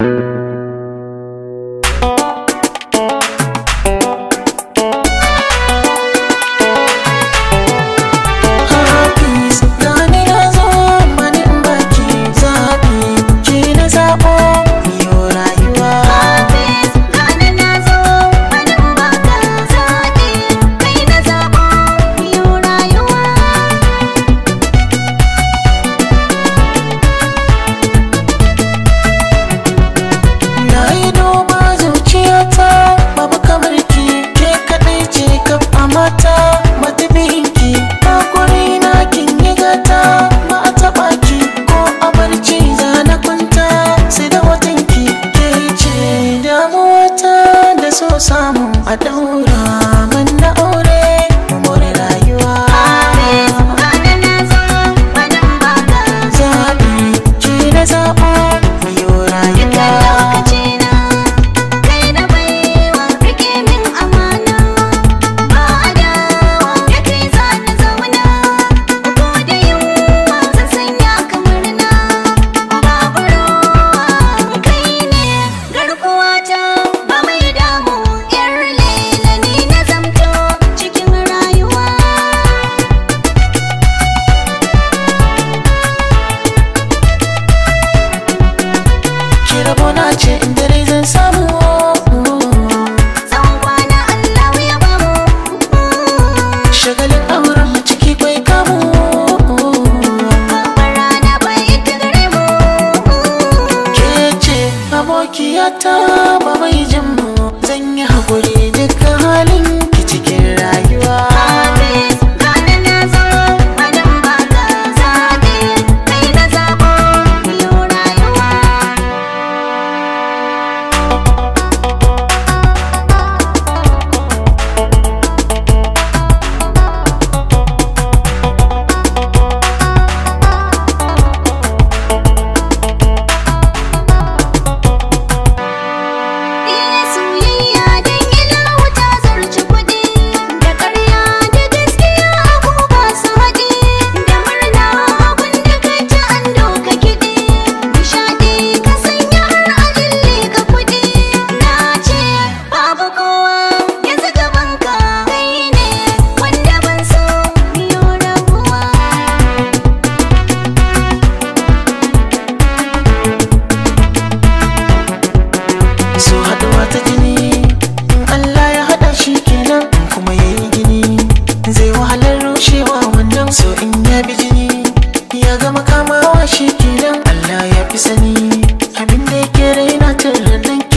thank you I don't. fata ba mai jin tunani abin da yake raina tun ranar